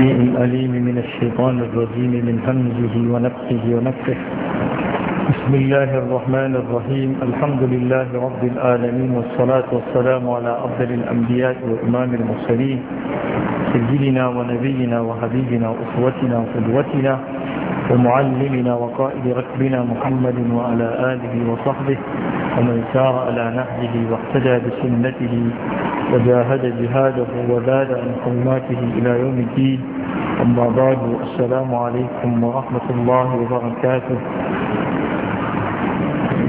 الأليم من الشيطان الرجيم من همزه ونفسه ونفسه بسم الله الرحمن الرحيم الحمد لله رب العالمين والصلاة والسلام على أفضل الأنبياء وإمام المرسلين سيدنا ونبينا وحبيبنا وأسوتنا وقدوتنا ومعلمنا وقائد ركبنا محمد وعلى آله وصحبه ومن سار على نهجه واقتدى بسنته وجاهد جهاده وزاد عن حرماته إلى يوم الدين أما بعد السلام عليكم ورحمة الله وبركاته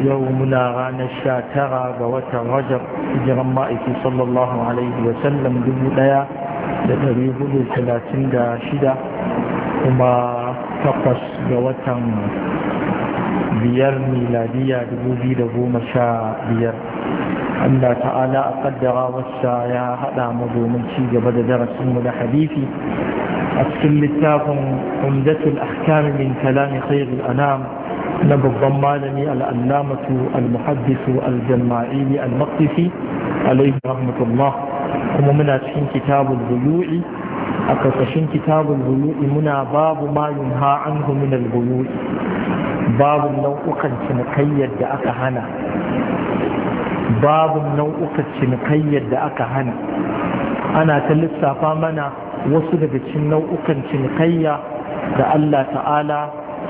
يومنا غانا الشاترة بوتا رجب جرمائك صلى الله عليه وسلم دمنا لتريه لثلاثين دا شدة وما takwas ga watan biyar miladiya biyar. Allah ta'ala a kaddara wasa ya haɗa mu domin ci gaba da darasinmu da hadisi a cikin littafin umdatul ahkam min kalami khairul anam na babban malami al'allamatu al-muhaddisu al-jama'ili al-maqdisi alaihi rahmatullah kuma muna cikin kitabul buyu'i a ƙarƙashin kitabun bulu'i muna babu mayun yunha anhu min al-bulu'i babu nau'ukan cinikayyar da aka hana babu nau'ukan cinikayyar da aka hana ana ta lissafa mana wasu daga cikin nau'ukan cinikayya da Allah ta'ala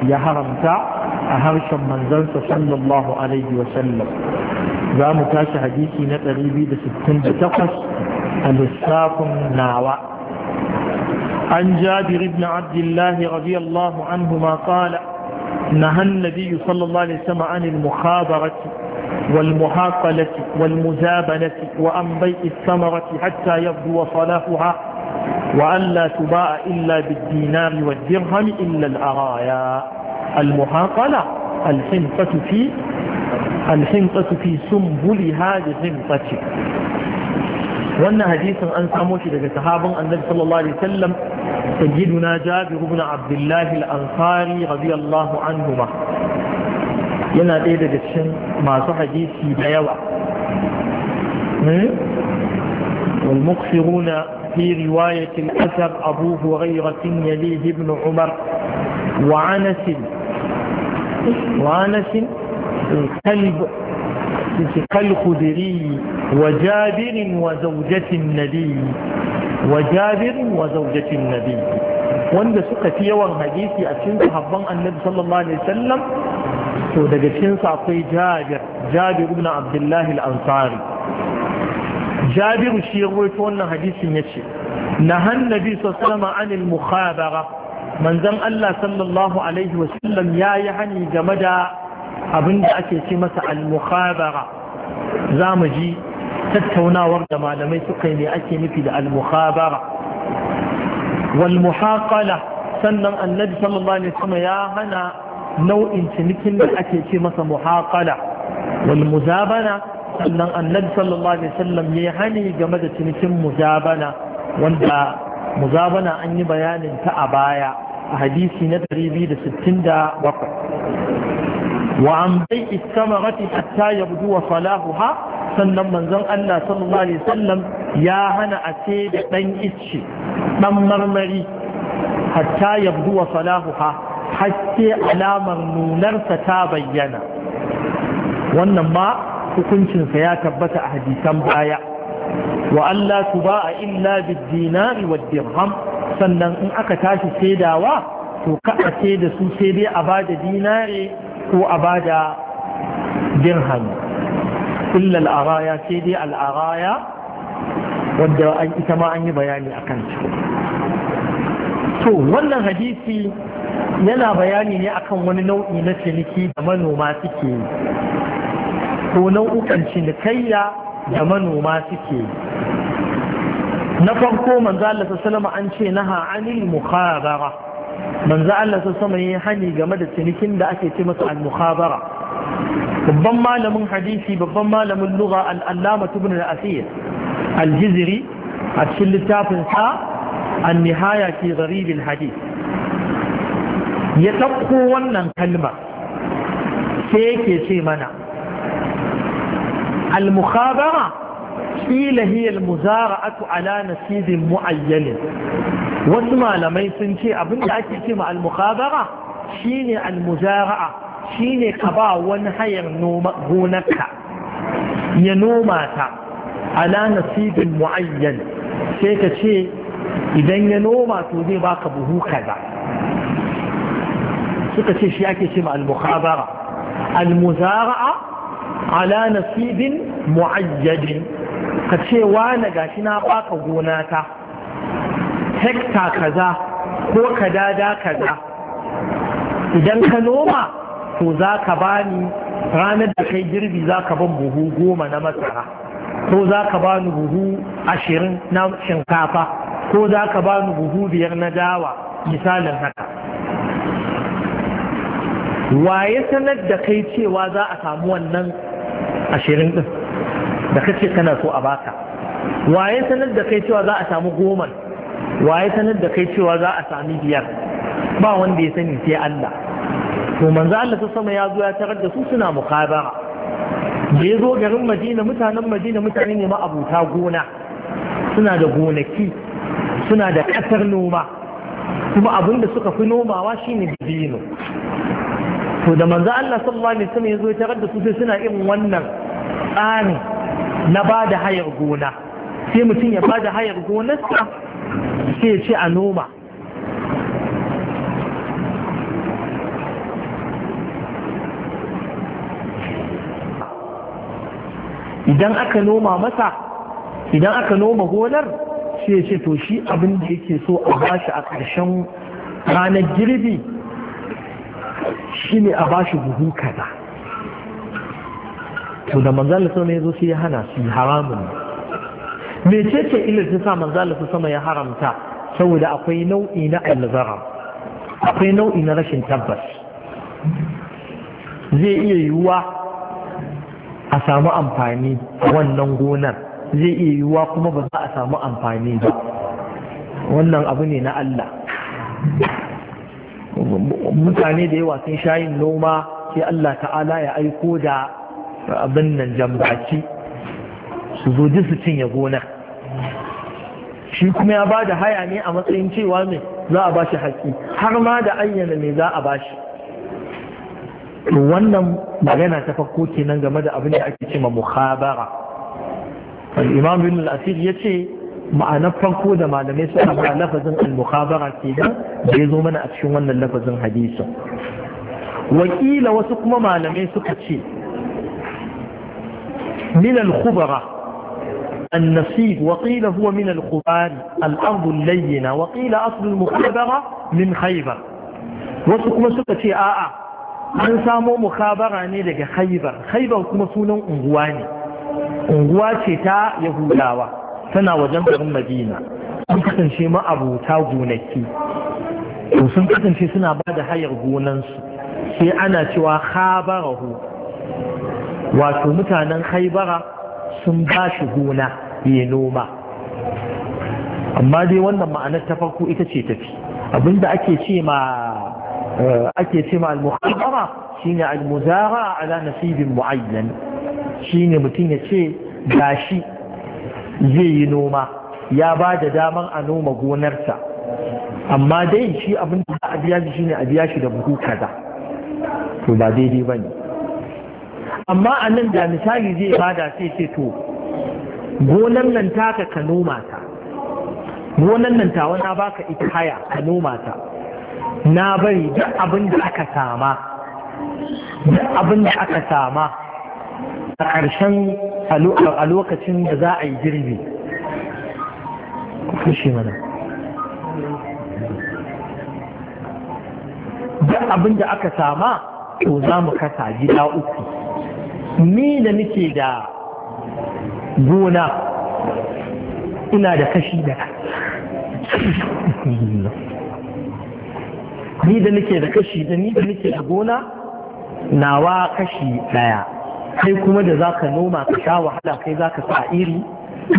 ya haramta a harshen manzansa sallallahu alaihi wa sallam za mu tashi hadisi na 268 a lissafin nawa عن جابر بن عبد الله رضي الله عنهما قال نهى النبي صلى الله عليه وسلم عن المخابرة والمحاقلة والمزابنة وأن بيع الثمرة حتى يبدو صلاحها وألا تباع إلا بالدينار والدرهم إلا الأرايا المحاقلة الحنطة في الحنطة في سنبلها لحنطة وأن حديث أن ساموش لك صحابا النبي صلى الله عليه وسلم سيدنا جابر بن عبد الله الأنصاري رضي الله عنهما ينا ɗaya daga ما صح hadisi بيوع والمقصرون في رواية الأثر أبو هريرة يليه ابن عمر وعنس وعنس الكلب كالخدري وجابر وزوجة النبي wa Jabiru wa nabi wanda suka fi yawan hadisi a cikin sahabban annabi sallallahu alaihi wasallam to daga cikin sa akwai jabir jabir ibn abdullah al-ansari jabir shi ya rawaito wannan hadisin yace nahan nabi sallallahu alaihi wasallam anil mukhabara manzon Allah sallallahu alaihi wasallam yayi hani game da abinda ake ce masa al-mukhabara zamu ji tattaunawar da malamai suka yi ne ake nufi da al-mukhabara wal muhaqala sannan annabi sallallahu alaihi wasallam ya hana nau'in cinikin da ake ce masa muhaqala wal muzabana sannan annabi sallallahu alaihi wasallam ya hani game da cinikin muzabana wanda muzabana an yi bayanin ta a baya a hadisi na 267 وعن بيع الثمرة حتى يبدو صلاحها sannan manzon Allah sallallahu alaihi wasallam ya hana a ce da dan ishi, dan marmari hatta yabduwa salahuha hatta alamar nunarsa ta bayyana wannan ma hukuncinsa ya tabbata a hadisan baya wa Allah tuba'a illa bid-dinari wad-dirham sannan in aka tashi saidawa to ka a da su sai dai a bada dinare ko a bada dirham illa al'araya sai dai al'araya wadda ita ma an yi bayani a kanta to wannan hadisi yana bayani ne akan wani nau'i na ciniki da manoma suke ko nau'ukan cinikayya da manoma suke na farko manzo Allah sallama an ce naha anil mukhabara manzo Allah sallama yayi hani game da cinikin da ake ce masa al mukhabara babban malamin hadisi babban malamin lugha al'allama tubin al'asir aljiziri a cikin littafin sa an nihaya ke garibin hadis ya ɗauko wannan kalma sai yake ce mana al-mukhabara قيل هي المزارعة على نسيب معين واسمع لما يسنشي أبن أكتم المخابرة شين المزارعة Shi ne ka ba wani hayar gonarka ya noma ta ala nasibin mu'ayyan sai ka ce idan ya noma to zai baka buhu kaza suka ce shi ake ce ma al-mukhabara al-muzara'a ala nasibin mu'ayyadin ka ce wane gashi na baka gona ta hekta kaza ko kadada kaza idan ka noma to za ka bani ranar da kai girbi za ka ban buhu goma na masara ko za ka bani buhu ashirin na shinkafa ko za ka bani buhu biyar na dawa misalin haka waye sanar da kai cewa za a samu wannan ashirin ɗin da kace kana so a baka waye sanar da kai cewa za a samu goma waye sanar da kai cewa za a sami biyar ba wanda ya sani sai Allah to manzo Allah ta sama ya zo ya tarar da su suna mukabara da ya zo garin Madina mutanen Madina mutane ne ma'abuta gona suna da gonaki suna da ƙasar noma kuma abin da suka fi nomawa shine dabino to da manzo Allah sallallahu alaihi wasallam ya zo ya tarar da su sai suna irin wannan tsari na ba da hayar gona sai mutum ya ba da hayar gonarsa sai ya ce a noma idan aka noma masa idan aka noma gonar sai ce to shi abin da yake so a bashi a ƙarshen ranar girbi shi ne a bashi buhu kada. to da manzala sama ya zo sai ya hana su haramun me ce ce ilar ta sa manzala sama ya haramta saboda akwai nau'i na alzara akwai nau'i na rashin tabbas zai iya yiwuwa a samu amfani wannan gonar zai iya yiwuwa kuma ba za a samu amfani ba wannan abu ne na Allah mutane da yawa sun shayin noma sai Allah ta'ala ya aiko da abin nan jambaki su zo su cinye gonar shi kuma ya ba da haya ne a matsayin cewa mai za a ba shi haƙi har ma da ayyana mai za a ba shi wannan magana ta farko kenan game da abin da ake cewa muhabara al-imam ibn al-asir yace ma'anar farko da malamai suka ba lafazin al-muhabara kenan da ya zo mana a cikin wannan lafazin hadisin wakila wasu kuma malamai suka ce min al-khubara النصيب وقيل هو من الخبار الأرض اللينة وقيل أصل المخابرة من خيبر وسكما سكتي آآ an samo mukhabara ne daga khaibar khaibar kuma sunan unguwa ne unguwa ce ta yahudawa tana wajen garin madina sun kasance ma'abuta gonaki to sun kasance suna ba da hayar gonansu sai ana cewa khabarahu wato mutanen khaibara sun ba shi gona ya noma amma dai wannan ma'anar ta farko ita ce tafi abinda ake ce ma ake cim al-mukhabara shine al-muzara ala nasibin mu'ayyan shine mutum ya ce gashi zai yi noma ya ba da daman a noma gonarsa amma dai shi abin da a biya shi shine a biya shi da buhu kaza to ba daidai ba ne amma a nan da misali zai bada sai ce to gonan nan taka ka noma ta gonan nan wani na baka ita haya ka noma ta na bari duk abin da aka sama duk abin da aka sama a ƙarshen a lokacin da za a yi girbi kushe mana duk abin da aka sama to za mu kasa gida uku ni da nake da gona ina da kashi da ni da nake da kashi da ni da nake da gona nawa kashi daya kai kuma da za ka noma ka sha wahala kai za ka sa iri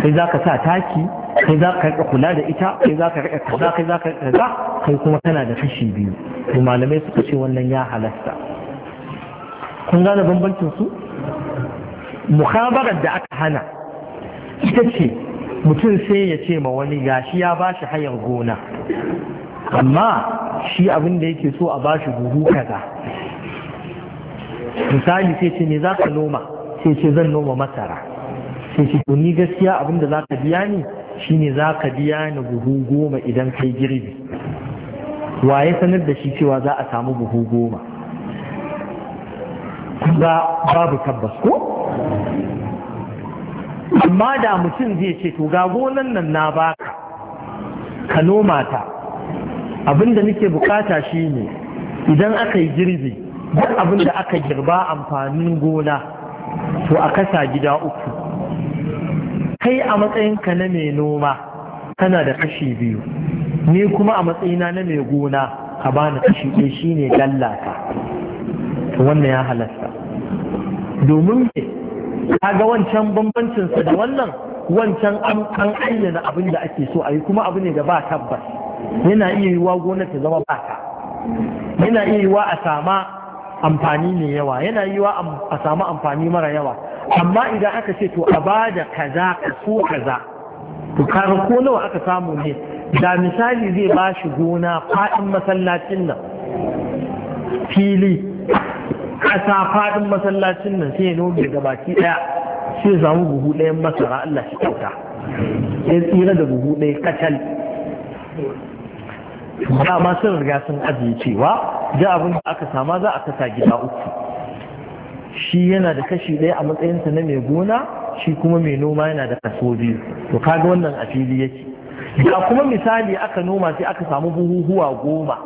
kai za ka sa taki kai za ka kula da ita kai za ka rika kaza kai za ka rika kaza kai kuma kana da kashi biyu to malamai suka ce wannan ya halasta kun gane bambancin su muhabarar da aka hana ita ce mutum sai ya ce ma wani gashi ya bashi hayar gona amma shi abin da yake so a bashi buhu kaza misali sai ce me za ka noma sai ce zan noma masara sai ce to ni gaskiya abin da za ka biya ni ne za ka biya ni buhu goma idan kai girbi wa sanar da shi cewa za a samu buhu goma ba babu tabbas ko amma da mutum zai ce to ga gonan nan na baka ka noma ta abin da nake bukata shine idan aka yi girbi duk abinda aka girba amfanin gona to a kasa gida uku kai a matsayinka na mai noma kana da kashi biyu ni kuma a matsayina na mai gona ka bani kashi ɗaya shine gallata to wannan ya halasta domin ga wancan bambancinsa da wannan wancan an ayyana abin da ake so a yi kuma abu ne da ba tabbas yana iya yiwa gonar ta zama baka yana iya yiwa a sama amfani mai yawa yana yiwa a sama amfani mara yawa amma idan aka ce to a bada kaza kaso kaza to kare ko nawa aka samu ne da misali zai ba shi gona fadin masallacin nan fili ƙasa faɗin masallacin nan sai ya nome daga baki ɗaya sai samu buhu ɗayan masara Allah shi kyauta sai tsira da buhu ɗaya kacal ma sun riga sun ajiye cewa da abin da aka sama za a kasa gida uku shi yana da kashi ɗaya a matsayinsa na mai gona shi kuma mai noma yana da kaso biyu to kaga wannan a fili yake ga kuma misali aka noma sai aka samu buhuhuwa goma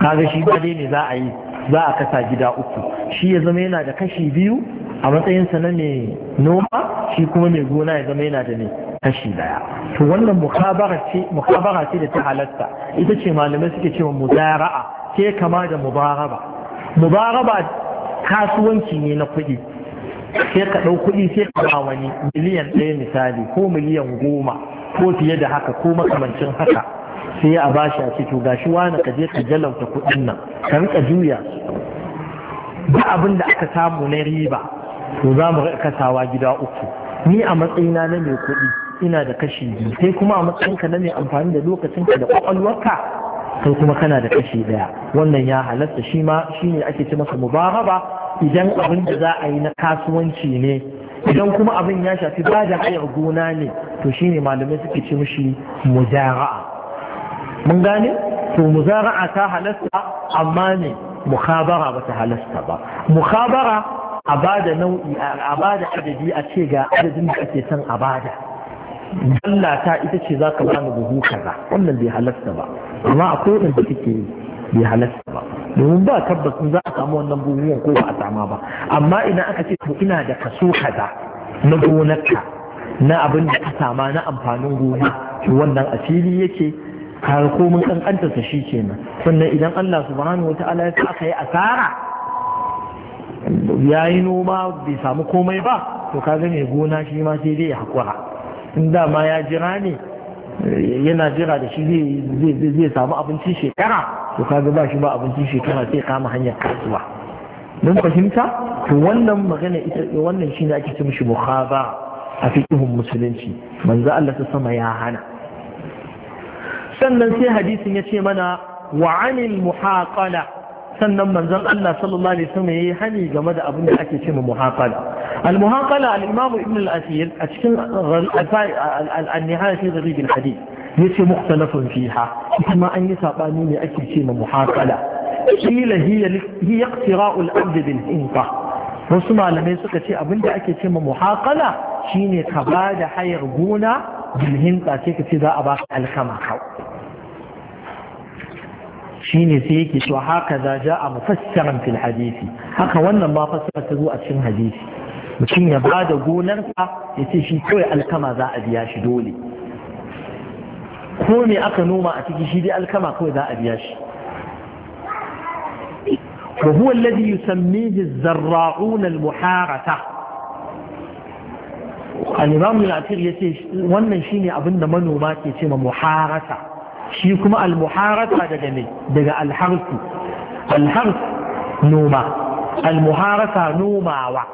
kaga shi ba dai ne za a yi za a kasa gida uku shi ya zama yana da kashi biyu a matsayinsa na mai noma shi kuma mai gona ya zama yana da ne kashi daya to wannan mukabara ce da ta halatta ita ce malamai suke cewa ra'a, ke kama da mubaraba mubaraba kasuwanci ne na kuɗi sai ka ɗau kuɗi sai ka ba wani miliyan ɗaya misali ko miliyan goma ko fiye da haka ko makamancin haka sai a bashi a ce to gashi wani ka je ka jalauta kuɗin nan ka rika juya ba abin da aka samu na riba to za mu kasawa gida uku ni a matsayina na mai kuɗi ina da kashi biyu sai kuma a matsayinka na mai amfani da lokacinka da ƙwaƙwalwarka kai kuma kana da kashi ɗaya wannan ya halatta shi ma shi ne ake ce masa mubaraba idan abin da za a yi na kasuwanci ne idan kuma abin ya shafi ba da hayar gona ne to shi ne malamai suke ce mishi muzara'a mun gane to muzara'a ta halasta amma ne mukhabara ba ta halasta ba mukhabara a ba da nau'i a ba da adadi a ce ga adadin da ake son a bada. da Allah ta ita ce za ka ba ni buhu kaza wannan bai halatta ba amma akwai wadanda suke yi bai halatta ba domin ba tabbas za a samu wannan buhuwan ko ba a sama ba amma ina aka ce to ina da kaso kaza na gonarka na abin da ka sama na amfanin gona wannan asiri yake har komin kankantarsa shi kenan sannan idan Allah subhanahu wataala ya sa aka yi asara ya yi noma bai samu komai ba to kaga mai gona shi ma sai dai ya haƙura in dama ya jira ne yana jira da shi zai samu abincin shekara to kaga ba shi ba abincin shekara sai kama hanyar kasuwa mun fahimta to wannan magana ita wannan shi ne ake ce mishi ba a fiƙihun musulunci manzo Allah ta sama ya hana sannan sai hadisin ya ce mana wa'anil anil muhaqala sannan manzon Allah sallallahu alaihi wasallam yayi hani game da abin da ake cewa muhaqala al muhaqala al imam ibn al asir a cikin al nihaya fi dharib al hadith yace mukhtalafun fiha kuma an yi sabani ne ake cewa muhaqala kila hiya hiya iqtira'u al abd bil hinqa wasu malamai suka ce abin da ake cewa muhaqala shine ka bada hayar gona bil hinqa sai ka ce za a baka alkama shine sai yake to haka za ja a mufassiran fil hadisi haka wannan ba fassara ta zo a cikin hadisi mutum ya ba da gonarsa ya ce shi kawai alkama za a biya shi dole ko me aka noma a ciki shi dai alkama kawai za a biya shi wa huwa alladhi yusammihi az-zarra'un al-muharata al-imam al-atir yace wannan shine abinda manoma ke cewa muharata shi kuma almuharasa daga ne daga alharsu alhars noma almuharasa nomawa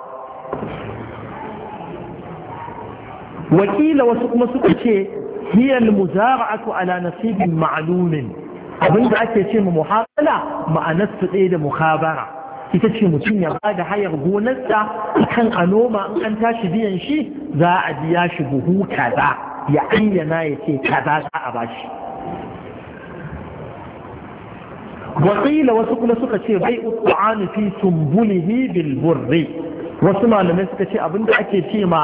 wakila wasu kuma suka ce hiyar muzara'atu ala nasibin ma'alumin abinda ake ce ma muhasala ma'anarsu ɗaya da muhabara ita ce mutum ya ba da hayar gonarsa kan a noma in an tashi biyan shi za a biya shi buhu kaza ya ayyana ya ce kaza za a bashi wakila wasu kuma suka ce bai ut'ani fi sumbulihi bil burri wasu malamai suka ce abinda ake ce ma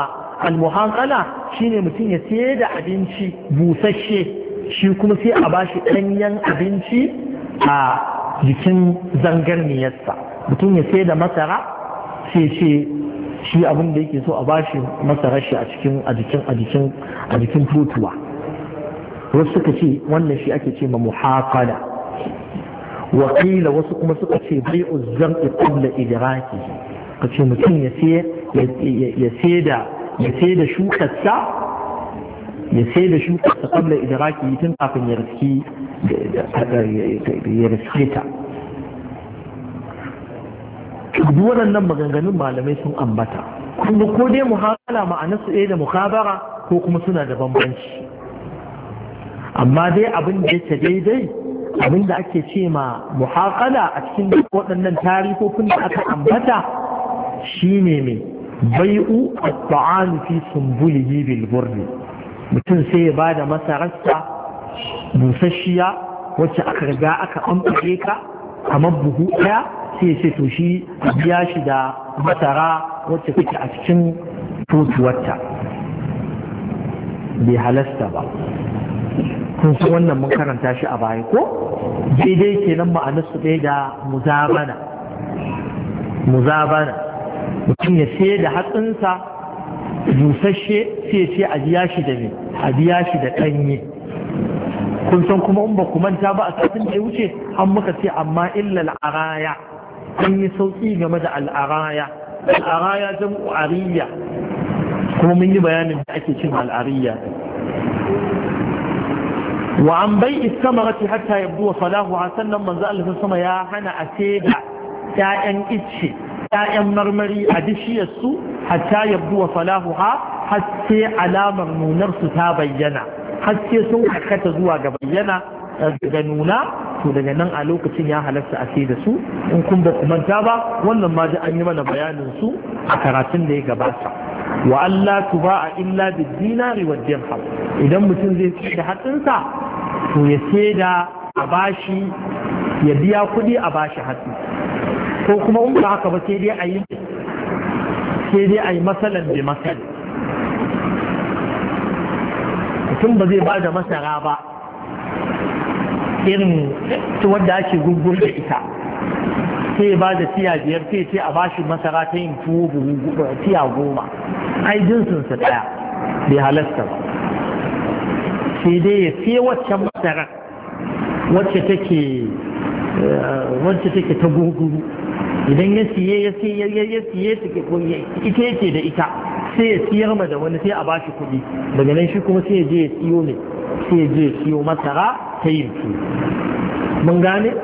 almuhanqala shine mutum ya sayar da abinci busasshe shi kuma sai a bashi danyen abinci a jikin zangarniyarsa mutum ya sayar da masara sai ce shi abin da yake so a bashi masarar shi a cikin a jikin a jikin a jikin wasu suka ce wannan shi ake ce ma muhaqala wakila wasu kuma suka ce bai uzzar qabla idraki ka ce mutum ya sai da shukarsa ya sai da shukarsa qabla idraki tun kafin ya riski ya riski ta duk waɗannan maganganun malamai sun ambata kuma ko dai muhala ma'anarsu su da mukabara ko kuma suna da bambanci amma dai abin da yake daidai Abin da ake ce ma muhaƙala a cikin waɗannan tarihofin da aka ambata shine mai bai'u at-ta'am fi sumbulihi bil burri mutum sai ya bada masararsa busasshiya wacce aka riga aka ambare ka kamar buhu ɗaya sai ce to shi biya shi da masara wacce kake a cikin totuwarta bai halasta ba kun san wannan mun karanta shi a baya ko daidai kenan ma'anar su ɗaya da muzabana muzabana mutum ya sai da hatsinsa busasshe sai ce a biya shi da ne a biya shi da ɗanye kun san kuma in ba ku manta ba a satin da ya wuce an muka ce amma illa al'araya an yi sauƙi game da al'araya al'araya zan ariya kuma mun yi bayanin da ake cin al'ariya wa an bai iskamarati hatta yabdu wa Falahuha a sannan manzo Allah sama ya hana a da ƴaƴan icce ƴaƴan marmari a dishiyar su hatta yabdu wa salahu ha haske alamar nunar su ta bayyana haske sun karkata zuwa ga bayyana daga nuna to daga nan a lokacin ya halarta a da su in kun ba manta ba wannan ma an yi mana bayanin su a karatun da ya gabata wa Allah tuba a illa bid dinari wa dirham idan mutum zai ci da hatsinsa to ya saida a bashi ya biya kuɗi a bashi hatsi ko kuma in ba haka ba sai dai a yi sai dai a yi masalan bi masal mutum ba zai ba da masara ba irin wadda ake gungun da ita sai ba da tiya biyar sai sai a bashi masara ta yin tuwo buhu tiya goma ai jinsinsa ɗaya bai halasta ba sai dai ya siya waccan masara wacce take eh, wacce take ta gurguru idan ya siye ya siye ya siye ita yake da ita sai ya siyar ma da wani sai a bashi kuɗi daga nan shi kuma sai ya je siyo ne sai ya siyo masara ta yin mun gane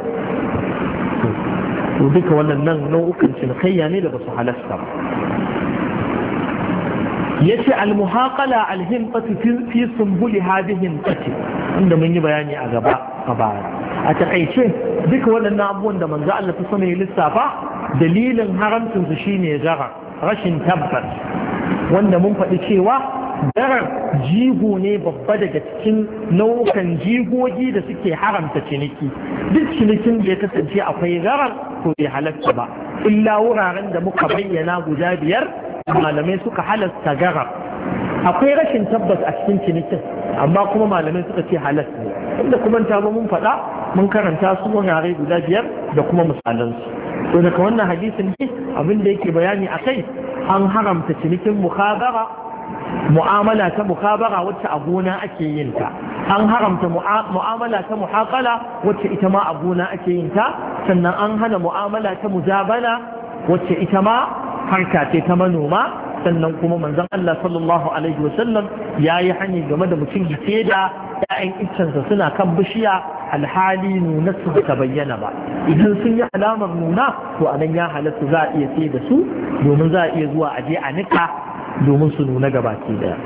duka wannan nan nau'ukan cinikayya ne da ba su halasta ba Ya ce almuhakala al-himqatu fi sumbuli hadhihi al inda mun yi bayani a gaba a baya a takaice duka waɗannan abubuwan da manzo Allah ta sama ya lissafa dalilin haramcin su shine zarar rashin tabbas wanda mun faɗi cewa zarar jigo ne babba daga cikin nau'ukan jigogi da suke haramta ciniki duk cinikin da ya kasance akwai zarar to bai halatta ba illa wuraren da muka bayyana guda biyar malamai suka halasta gara akwai rashin tabbas a cikin cinikin amma kuma malamai suka ce halas ne inda kuma ta ba mun faɗa mun karanta su wurare guda biyar da kuma misalansu to daga wannan hadisin ne abin da yake bayani a kai an haramta cinikin mukhabara mu'amala ta mukhabara wacce a gona ake yin ta an haramta mu'amala ta muhaqala wacce ita ma a gona ake yin ta sannan an hana mu'amala ta mujabala wacce ita ma harka ce ta manoma sannan kuma manzan Allah sallallahu alaihi wasallam ya yi hanyar game da mutum ya da ‘ya'yan iccensa suna kan bishiya alhali nuna su ta bayyana ba idan sun yi alamar nuna to anan ya halatta za a iya sai da su domin za a iya zuwa aje a nika domin su nuna gabaki daya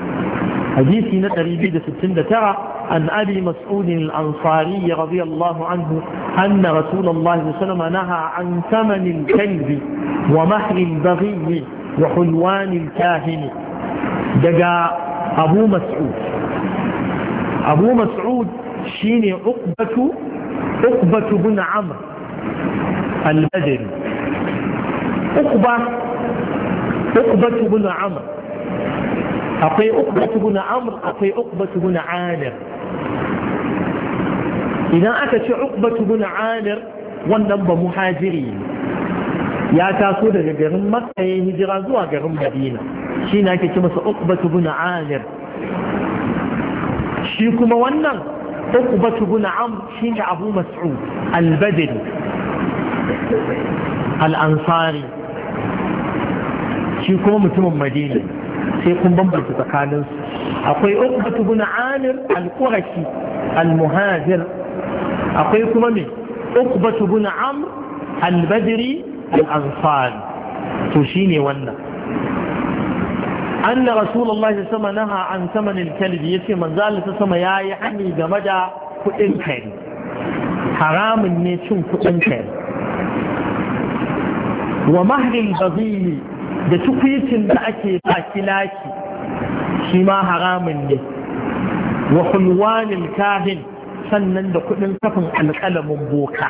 حديثي نقري بيد ستين ترى عن أبي مسعود الأنصاري رضي الله عنه أن رسول الله صلى الله عليه وسلم نهى عن ثمن الكلب ومهر البغي وحلوان الكاهن دقا أبو مسعود أبو مسعود شيني عقبة عقبة بن عمرو البدري عقبة عقبة بن عمرو akwai uqbatu bin amur akwai uqbatu bin amir idan aka ce uqbatu bin amir wannan ba muhajiri ya taso daga garin makka hijira zuwa garin madina shi na ake ce masa uqbatu bin amir shi kuma wannan uqbatu amur shi ne abu mas'ud al-badri al-ansari shi kuma mutumin madina sai kun bambanta tsakanin su akwai ukbatu bin amir al-qurashi al-muhajir akwai kuma me ukbatu bin amr al-badri al-ansari to shine wannan أن رسول الله صلى الله عليه وسلم نهى عن ثمن الكلب ta sama ذلك سما يا يحمي جمدا كدن كاري حرام ne cin kudin kare wa mahril bazili da tukwicin da ake sa kilaki shi ma haramun ne wa hulwanin kahin sannan da kudin kafin alƙalamin boka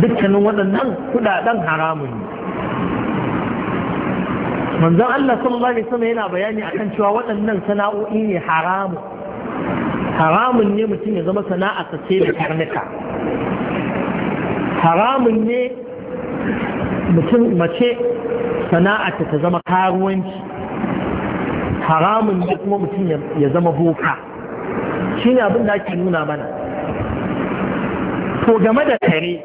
dukkanin waɗannan kudaden haramun ne manzon Allah sallallahu alaihi wasallam yana bayani akan cewa waɗannan sana'o'i ne haramun haramun ne mutum ya zama sana'a ta ce da karnuka haramun ne mutum mace sana'arta ta zama karuwanci haramun da kuma mutum ya zama boka shi ne abin da ake nuna mana to game da kare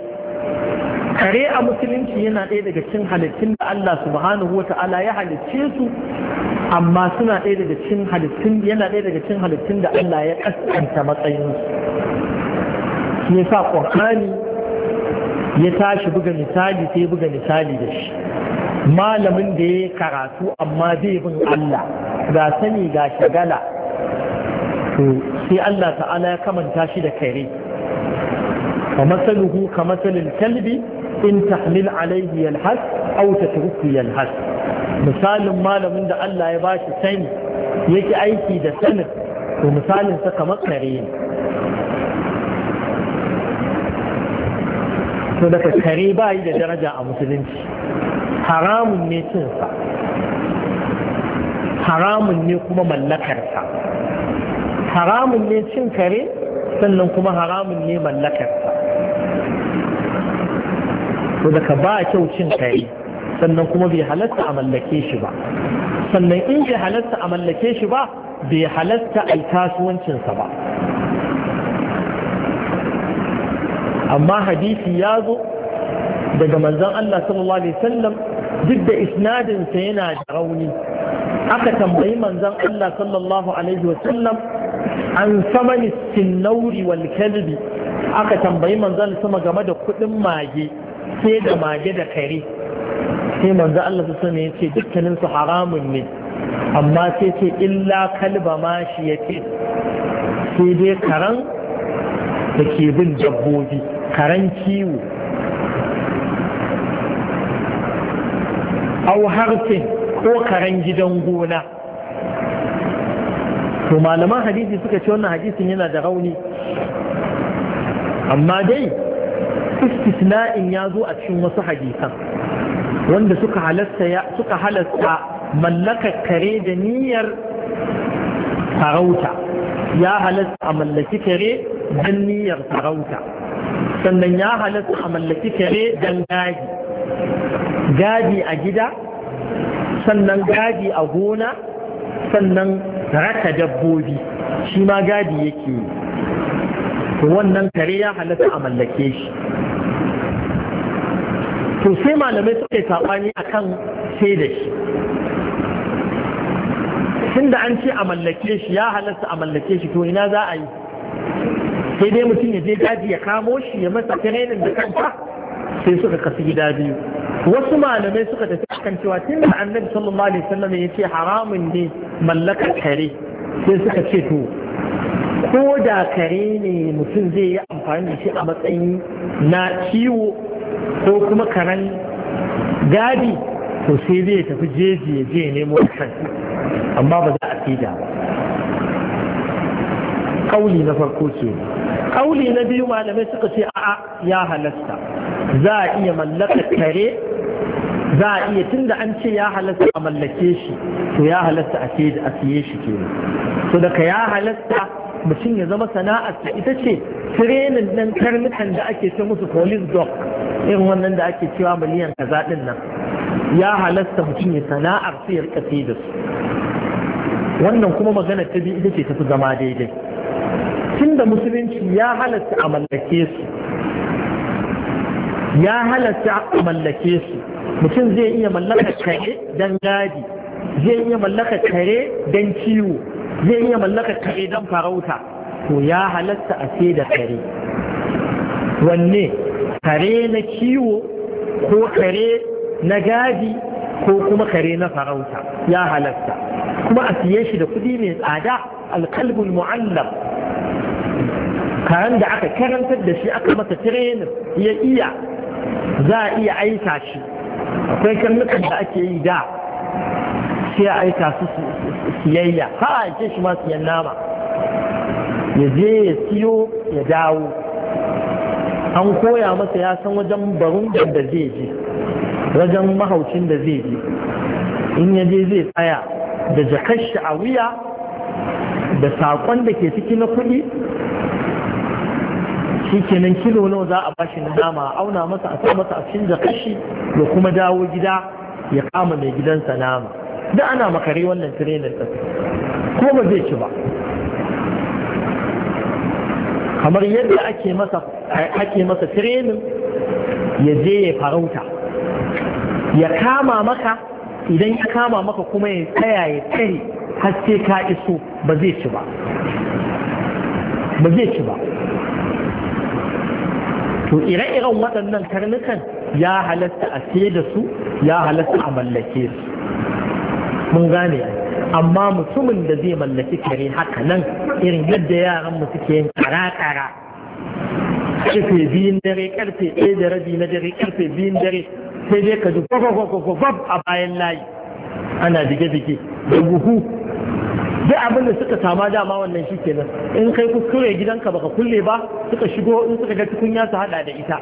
kare a musulunci yana ɗaya daga cin halittun da Allah subhanahu wa ta'ala ya halicce su amma suna ɗaya daga cin halittun yana ɗaya daga cin halittun da Allah ya matsayin matsayinsu ne sa Qur'ani ya tashi buga misali sai buga misali da shi malamin da ya karatu amma zai bin Allah ga sani ga shagala to sai Allah ta'ala ya kamanta shi da kare fa masaluhu ka masalin kalbi in tahmil alaihi yalhas aw tatruku yalhas misalin malamin da Allah ya bashi sani yake aiki da sanin to misalin sa kamar kare to daga kare ba yi da daraja a musulunci haramun ne cinsa haramun ne kuma mallakarsa haramun ne cin kare sannan kuma haramun ne mallakarsa to daga ba kyau cin kare sannan kuma bai halatta a mallake shi ba sannan in bai halatta a mallake shi ba bai halatta a kasuwancinsa ba amma hadisi ya zo daga manzan Allah sallallahu alaihi wasallam duk da isnadinsa yana da rauni aka tambayi manzan Allah sallallahu alaihi wasallam an samani sinnauri wal kalbi aka tambayi manzan sama game da kudin mage sai da mage da kare sai manzan Allah sallallahu alaihi wasallam ya dukkanin su haramun ne amma sai ce illa kalba ma shi yace sai dai karan da ke bin dabbobi karen kiwo au harfe ko karen gidan gona to malaman hadisi suka ce wannan hadisin yana da rauni amma dai istisna'in ya zo a cikin wasu hadisan wanda suka halasta suka mallakar kare da niyyar farauta ya halasta a mallaki kare don niyyar sarauta. sannan ya halatta a mallaki kare don gadi gadi a gida sannan gadi a gona sannan raka dabbobi shi ma gadi yake wannan kare ya halatta a mallake shi to sai malamai suka yi saɓani a kan sai da shi tun da an ce a mallake shi ya halatta a mallake shi to ina za a yi sai dai mutum ya je daji ya kamo shi ya masa tirenin da kanta sai suka kasu gida biyu wasu malamai suka tafi kan cewa tun da annabi sallallahu alaihi wasallam ya ce haramun ne mallakar kare sai suka ce to ko da kare ne mutum zai yi amfani da shi a matsayin na ciwo ko kuma karen gadi to sai zai tafi jeji ya je nemo kan amma ba za a fida ba kauli na farko ce kauli na biyu malamai suka ce a'a ya halasta za a iya mallaka kare za a iya tunda an ce ya halasta a mallake shi to ya halasta a siye shi ke to daga ya halasta mutum ya zama ta ita ce tirenin ɗan karnukan da ake ce musu police dog irin wannan da ake cewa miliyan kaza din nan ya halasta mutum ya sana'ar su ya rika da su wannan kuma magana ta biyu ita ce tafi zama daidai da musulunci ya halatta a mallake su ya halatta a mallake su mutum zai iya mallaka kare don gadi zai iya mallaka kare don ciwo zai iya mallaka kare don farauta to ya halatta a sai da kare wanne kare na ciwo ko kare na gadi ko kuma kare na farauta ya halatta kuma a siye shi da kudi mai tsada alkalbul mu'allam kayan da aka karantar da shi aka masa tirenin ya iya za a iya aika shi akwai karnukan da ake yi da sai a aika su siyayya ha a ce shi ma siyan nama ya je ya siyo ya dawo an koya masa ya san wajen barun da zai je wajen mahaucin da zai je in ya je zai tsaya da jakar shi a wuya da saƙon da ke ciki na kuɗi shi kenan kilo nawa za a bashi na nama a auna masa a sa masa a canza kashi da kuma dawo gida ya kama mai gidansa nama da ana makare wannan tirenin ɗin ko ba zai ci ba kamar yadda ake masa ake masa tirenin ya je ya farauta ya kama maka idan ya kama maka kuma ya tsaya ya tsare har sai ka iso ba zai ci ba ba zai ci ba to ire-iren waɗannan karnukan ya halatta a da su ya halatta a mallake su mun gane amma mutumin da zai mallaki kare haka nan irin yadda yaran mu suke yin kara-kara karfe biyun dare karfe ɗaya da rabi na dare karfe biyun dare sai dai ka ji gwagwagwagwagwab a bayan layi ana dige-dige da buhu duk abin da suka sama dama wannan shi kenan in kai kuskure gidanka baka kulle ba suka shigo in suka ga tukunya su hada da ita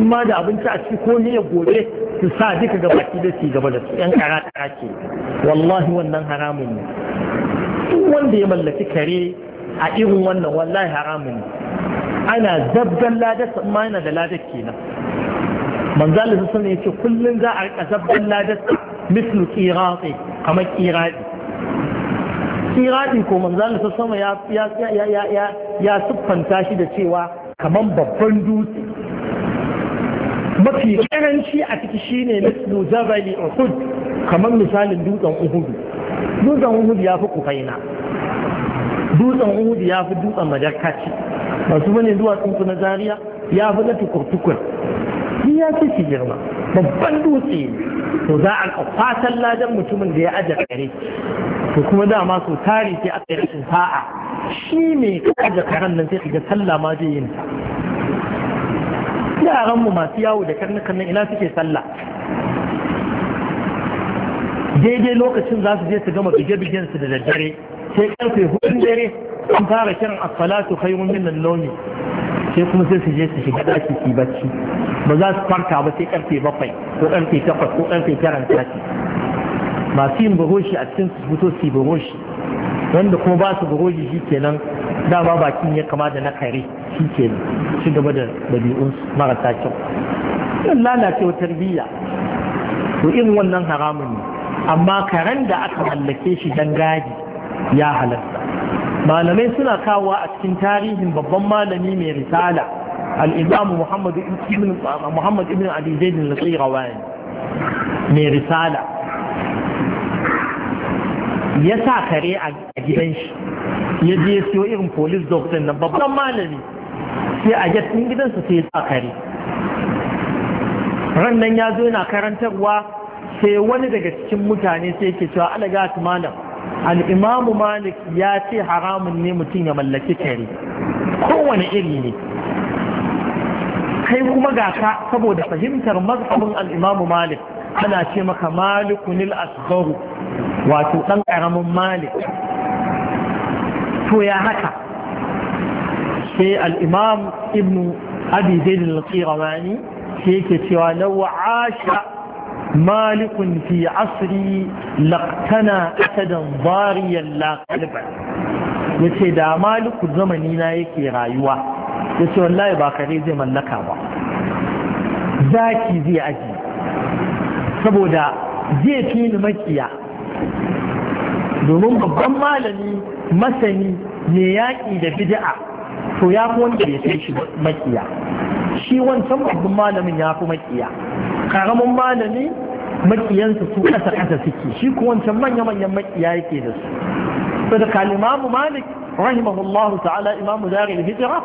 in ma da abinci a ciki ko ya gobe su sa duka ga baki da su gaba da su yan kara kara ce wallahi wannan haramun ne duk wanda ya mallaki kare a irin wannan wallahi haramun ne ana zabban ladar ma yana da ladar kenan manzo Allah sun ne ce kullun za a rika zabban ladar mislu qiraqi kamar qiraqi sirati ko manzan da sama ya ya ya ya ya ya siffanta shi da cewa kaman babban dutse mafi karanci a ciki shine mislu jabali uhud kaman misalin dutsen uhud dutsen uhud ya fi kufaina dutsen uhud ya fi dutsen madarkaci masu bane zuwa tsuntsu na zariya ya fi na tukur shi ya fi shi girma babban dutse to za a kwasan ladan mutumin da ya aje kare to kuma dama so tari sai aka yi rashin sa'a shi ne kaja karen nan sai ga sallah ma zai yin yaran mu masu yawo da karnukan nan ina suke sallah daidai lokacin za su je su gama bige-bigen su da daddare sai karfe hudun dare sun fara kiran asfalatu kai mun an launi, sai kuma sai su je su shiga daki su bacci ba za su farka ba sai karfe bakwai ko karfe takwas ko karfe 9 safi masu yin buroshi a cikin fito su buroshi wanda kuma ba su buroshi shi kenan dama bakin ya kama da na kare shi kenan shi gaba da mara marasa kyau yin lalacewa tarbiyya to irin wannan haramun ne amma karen da aka mallake shi dan gadi ya halatta malamai suna kawo a cikin tarihin babban malami mai risala al-imam Muhammad ibn Muhammad ibn Ali Zaid al-Qayrawani mai risala ya sa kare a gidan shi ya je siyo irin polis dog din nan babban malami sai a jatin gidansa sai ya sa kare ran nan ya zo yana karantarwa sai wani daga cikin mutane sai ke cewa alaga malam al'imamu malik ya ce haramun ne mutum ya mallaki kare kowane iri ne kai kuma ga ka saboda fahimtar mazhabin al'imamu malik ana ce maka malikunil asgaru wato ɗan ƙaramin malik to ya haka sai al'imam ibn abi zaidin al-qirawani sai yake cewa lawa asha malikun fi asiri laktana asadan zariyar laƙalban ya ce da maliku zamani na yake rayuwa ya ce wallahi ba kare zai mallaka ba zaki zai aji saboda zai fi ni makiya domin babban malami masani mai yaƙi da bid'a to ya fi wanda ya sai shi makiya shi wancan babban malamin ya fi makiya karamin malami makiyansa su kasa kasa suke shi ko wancan manya-manyan makiya yake da su to da kalimamu malik rahimahullahu ta'ala imamu zarin hijira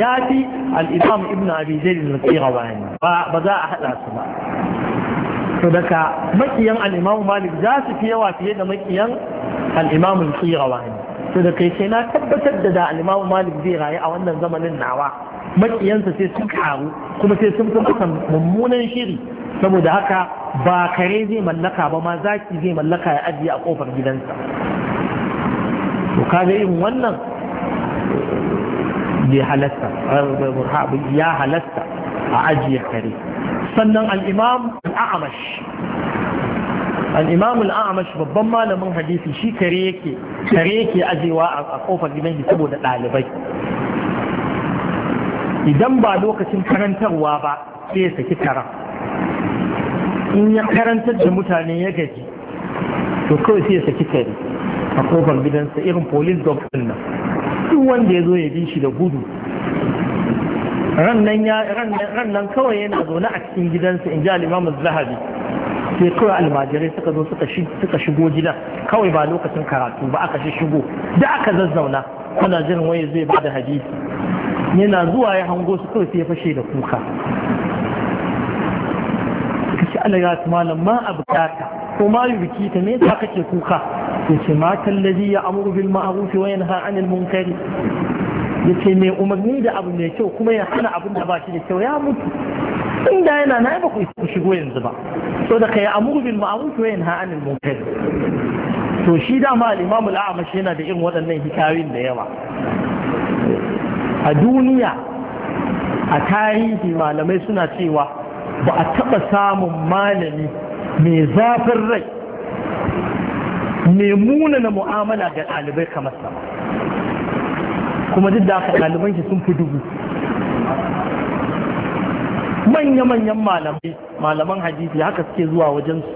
ya fi al'imam ibn abi zaid al-qirawani ba za a hada su ba to daga makiyan al'imamu malik za su fi yawa fiye da makiyan al-imam ne. qirawani to da kai sai na tabbatar da da al malik zai rayu a wannan zamanin nawa makiyansa sai sun karu kuma sai sun fi masa mummunan shiri saboda haka ba kare zai mallaka ba ma zaki zai mallaka ya ajiye a kofar gidansa to kaga irin wannan ya halarta ya a ajiye kare sannan al-imam amash al'imamu al'amash babban malamin hadisi shi kare yake kare yake ajewa a kofar gidan shi saboda ɗalibai idan ba lokacin karantarwa ba sai ya saki karan in ya karantar da mutane ya gaji to kawai sai ya saki kare a kofar gidansa irin police dog nan duk wanda ya zo ya bi shi da gudu rannan kawai yana zaune a cikin gidansa in ji al'imamu zahabi sai kawai almajirai suka zo suka shigo gidan kawai ba lokacin karatu ba aka shi shigo da aka zazzauna kuna jin waye zai ba da hadisi yana zuwa ya hango su kawai sai ya fashe da kuka kace Allah ya malam ma abkata ko ma biki ta me yasa kake kuka ce ma kallazi ya amuru bil ma'ruf wa yanha 'anil Ya ce mai umarni da abu mai kyau kuma ya hana abin da ba shi da kyau ya mutu inda yana na ba ku shigo yanzu ba so da kai amuru bil ma'ruf wa yanha anil munkar to shi dama al-imam al yana da irin waɗannan hikayoyin da yawa a duniya a tarihi malamai suna cewa ba a taɓa samun malami mai zafin rai mai munana mu'amala ga ɗalibai kamar sa kuma duk da haka ɗaliban sun fi dubu manya-manyan malamai malaman hadisi haka suke zuwa wajensu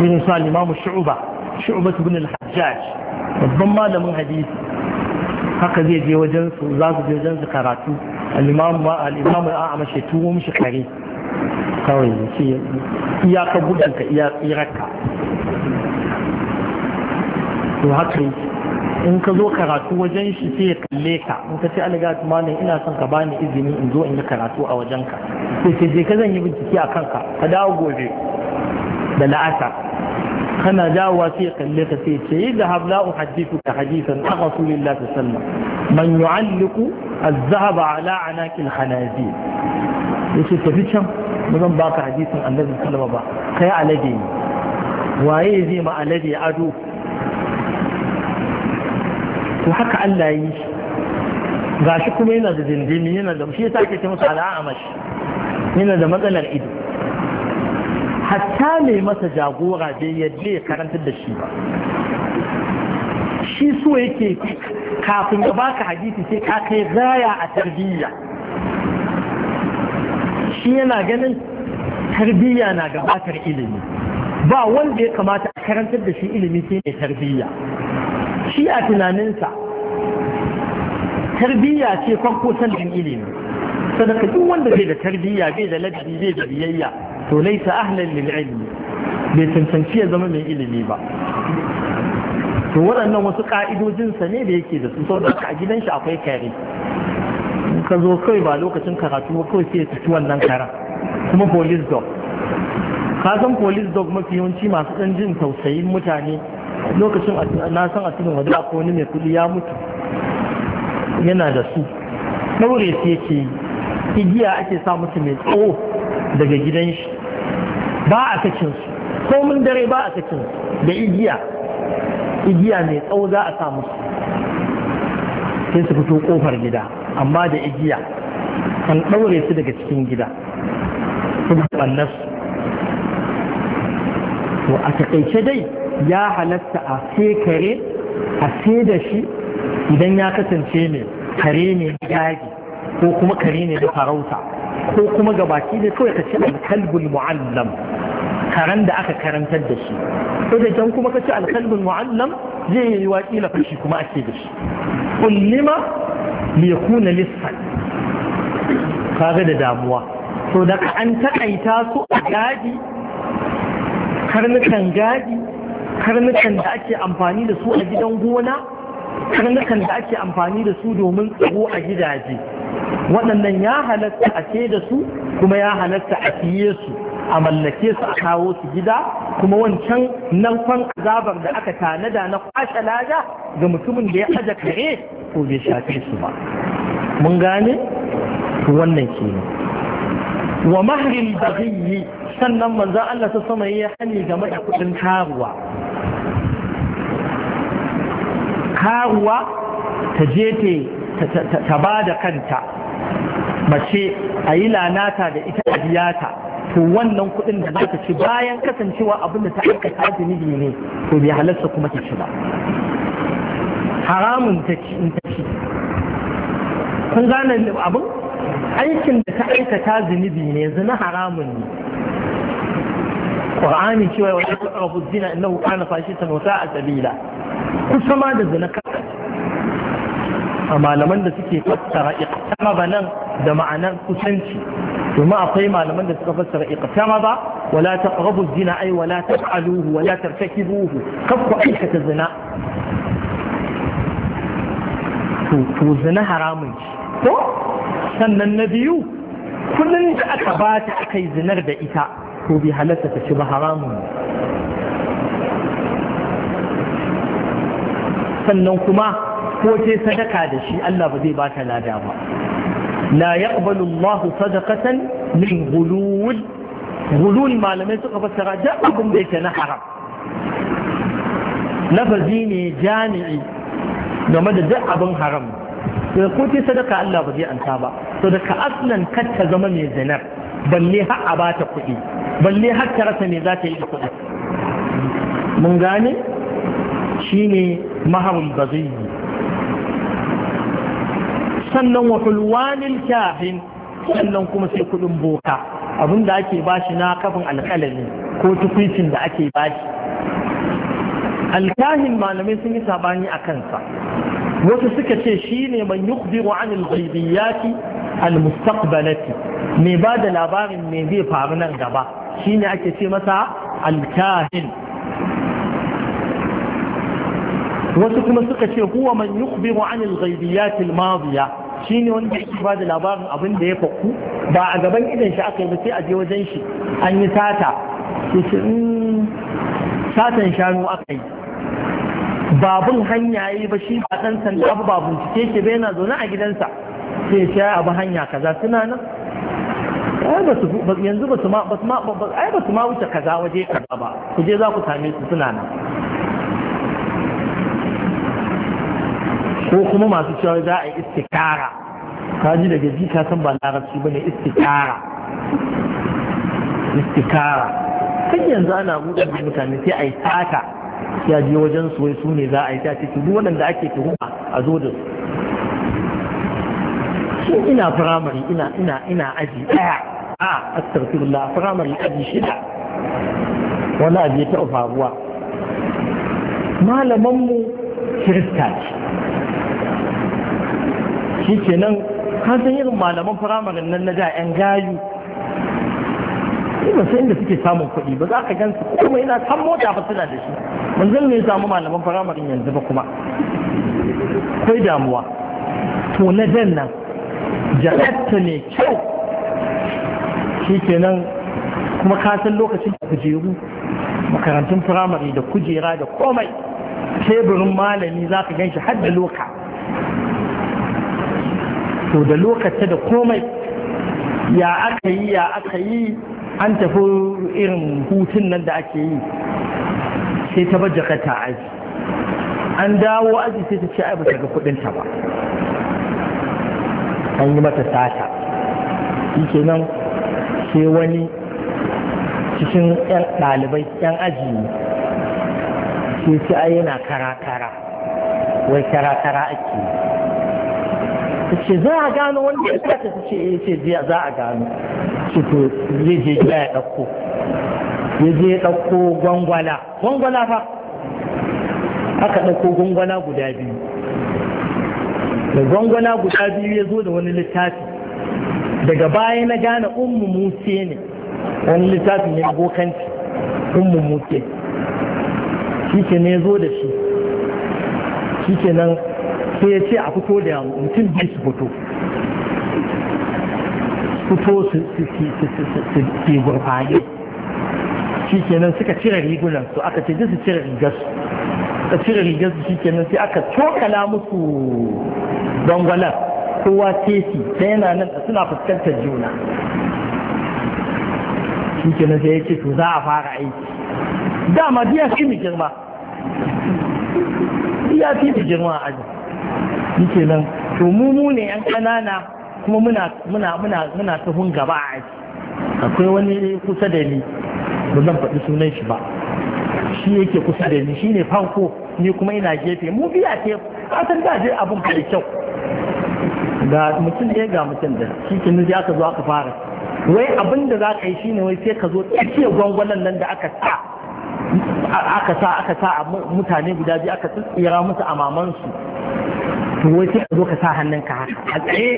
irin su alimamu shu'uba shu'uba ibn al-hajjaj babban malamin hadisi haka zai je wajensu za su je wajensu karatu alimamu alimamu a amashe tuwo mishi kare kawai ce iyaka gudanka iyakarka to haka yake in ka zo karatu wajen shi sai ya kalle ka in ka ce aligat malam ina son ka bani izini in zo in yi karatu a wajen ka sai ce je ka zan yi bincike a kanka ka dawo gobe da la'asa kana dawowa sai ya kalle ka sai ce da habla u hadithu ka hadithan an rasulillah sallallahu man yu'alliqu az-zahab ala anakil khanazir yace tafi can ba zan baka hadisin annabi sallallahu ba kai alade ne waye zai ma alade ado to haka Allah ya yi shi kuma yana da dindimi yana da shi ta ake ce masa al'amash yana da matsalar ido hatta mai masa jagora bai yadda ya karantar da shi ba shi so yake kafin ya baka hadisi sai ka kai gaya a tarbiyya shi yana ganin tarbiyya na gabatar ilimi ba wanda ya kamata a karantar da shi ilimi sai ne tarbiyya shi a tunaninsa tarbiyya ce farko jin ilimi sadaka duk wanda bai da tarbiyya bai da ladabi bai da biyayya to laisa ahlan lil ilmi bai tantance ya zama mai ilimi ba to waɗannan wasu sa ne da yake da su sau da a gidan shi akwai kare ka zo kai ba lokacin karatu ba kawai sai ya wannan kara kuma police dog ka san police dog mafi yawanci masu ɗan jin tausayin mutane lokacin na san a tudun wada ko wani mai kuɗi ya mutu yana da su ɗaure su yake igiya ake sa musu mai tsawo daga gidan shi ba a kacin su komin dare ba a kacin su da igiya igiya mai tsawo za a sa musu sai su fito kofar gida amma da igiya an ɗaure su daga cikin gida ba ɓannar su to a taƙaice dai ya halatta a sai kare a sai da shi idan ya kasance ne kare ne yaji ko kuma kare ne da farauta ko kuma gabaki ne kawai ka ce alkalbul mu'allam karen da aka karantar da shi ko da can kuma ka ce alkalbul mu'allam zai yi waƙi fashi kuma ce da shi kullima liyakuna lissan kaga da damuwa so da an taƙaita su a gadi karnukan gadi karnukan da ake amfani da su a gidan gona karnukan da ake amfani da su domin tsaro a gidaje waɗannan ya halatta a ce da su kuma ya halatta a siye su a mallake su a kawo su gida kuma wancan narkon azabar da aka tanada na kwashe lada ga mutumin da ya aja kare ko bai shafe su ba mun gane wannan ke wa mahril yi sannan manzan Allah ta sama ya hani game da kuɗin karuwa karuwa ta je ta ba da kanta mace a yi lanata da ita a biyata to wannan kuɗin da za ta ci bayan kasancewa abin da ta aikata zunubi ne to bai halarta kuma ta ci ba haramun ta ci in ta ci kun gane abin aikin da ta aikata zunubi ne zina haramun ne وعامل شوية ويعرف الزنا انه كان فاشيسا وساء سبيلا كل ما دا الزنا اما لمن دا سكي فسر اقتمب نن دا معنى كسنشي وما اقيم من دا سكي فسر اقتمب ولا تقربوا الزنا اي ولا تفعلوه ولا ترتكبوه كفوا اي حتى الزنا فوزنا حرامش كو سنن نبيو كل من جاء تبات اكي زنر دا ko bi halatta ta ci ba haramun sannan kuma ko ce sadaka da shi Allah ba zai baka lada ba la yaqbalu Allahu sadaqatan min ghulul ghulul malamai suka fassara da abin da yake na haram lafazi ne jami'i game da duk abin haram da ko ce sadaka Allah ba zai anta ba to da ka aslan kar zama mai zinar balle har a bata kuɗi balle har ta rasa me za ta yi da kuɗi mun gane shi ba maharul bazai sannan wa hulwanil kahin sannan kuma sai kuɗin boka abin da ake bashi na kafin alƙalami ko tukwicin da ake ba shi alkahin malamai sun yi sabani a kansa wasu suka ce shi ne wa anil an al mustaqbalati mai ba da labarin me zai faru nan gaba ne ake ce masa alkahin wasu kuma suka ce huwa man yukhbiru an al-ghaybiyat al Shi shine wanda yake ba da labarin abin da ya faku ba a gaban idan shi aka yi sai a je wajen shi an yi sata hmm, satan shanu aka yi babun hanya yi ba shi ba ɗan sanda ba bincike ke bai yana zaune a gidansa sai ya abu hanya kaza suna nan ai ba su yanzu ba su ma ba ai ba su ma wuce kaza waje kaza ba ku je za ku same su suna nan ko kuma masu cewa za a yi istikara ka ji daga ji ka san ba larabci ba ne istikara istikara kan yanzu ana buɗe da mutane sai a yi sata ya je wajen su wai su ne za a yi ta ce duk waɗanda ake tuhuma a zo da su ina firamare ina ina ina aji ɗaya a astagfirullah firamare aji shida wani abu ya taɓa faruwa malamanmu kirista ce shi ke nan san irin malaman firamare nan na da 'yan gayu ba san inda suke samun kuɗi ba za ka gan su kuma yana san mota ba suna da shi manzon ne ya samu malaman firamarin yanzu ba kuma kai damuwa to na dan nan jalatta ne kyau shi kuma kasan lokacin da kujeru makarantun firamare da kujera da komai teburin malami za ka ganshi har da loka to da lokaci da komai ya aka yi ya aka yi an tafi irin hutun nan da ake yi sai ta baje kata aji an dawo aji sai ta ce ai bata ga kudinta ba an yi mata sata shi kenan sai wani cikin 'yan ɗalibai 'yan aji sai ci a yana kara-kara wai kara-kara ake ta ce za a gano wanda ya kata ta ce ya eh, ce za a gano ce to zai je gida ya ɗauko ya je ya ɗauko gwangwala gwangwala fa aka ɗauko gwangwala guda biyu da gwangwala guda biyu ya zo da wani littafi daga baya na gane ummu mutse ne wani littafin ne abokanci ummu mutse shi ke ne zo da shi shi ke nan sai ya ce a fito da mutum biyu su fito fito su gurfani shi nan suka cire rigunan su aka ce su cire rigar su suka cire rigar su shi nan sai aka cokala musu dangwalar kowa teki ta yana nan suna fuskantar juna shi ke nan sai ya ce to za a fara aiki dama biya fi mu girma biya fi mu girma a aji shi ke nan to mu ne yan ƙanana kuma muna muna muna muna tuhun gaba a aiki. akwai wani kusa da ni ba zan faɗi sunan shi ba shi yake kusa da ni Shi ne fanko ni kuma ina gefe mu biya ce a san da je abin kai kyau ga mutum ɗaya ga mutum da shi ke nufi aka zo aka fara wai abin da za ka yi shine wai sai ka zo tsakiyar gwangwanan nan da aka sa aka sa aka sa a mutane guda biyu aka tsira musu a mamansu to wai sai ka zo ka sa ka haka a tsaye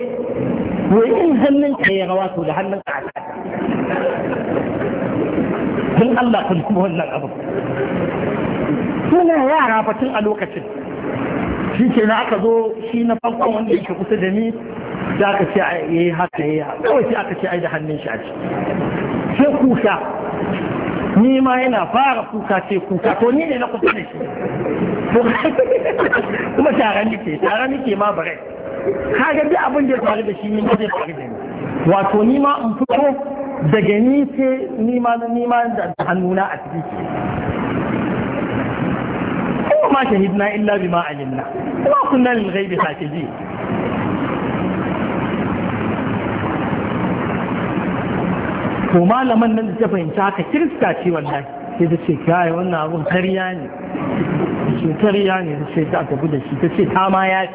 wai in hannun ka ya rawa to da ka a tsaye? tun Allah ka kuma wannan abu suna yara fa a lokacin shi ke na aka zo shi na farkon wanda yake kusa da ni da aka ce a yi eh, haka ya kawai sai aka ce a yi da hannun shi a ci sai kusa ni ma yana fara kuka sai kuka to ni ne na kusa da shi kuma tara nike tara nike ma bare kaga duk abin da ya faru da shi ni ma zai faru da ni wato ni ma in fito daga ni sai ni ma da hannuna a ciki وما شهدنا إ ل ا بما علمنا وما كنا للغيب خاشدين وما لمن ننزل جفن شاكا كرسكا شي والله اذا شكاي وانا ابو كرياني كرياني اذا شكاك بدا شي تشي تاماياك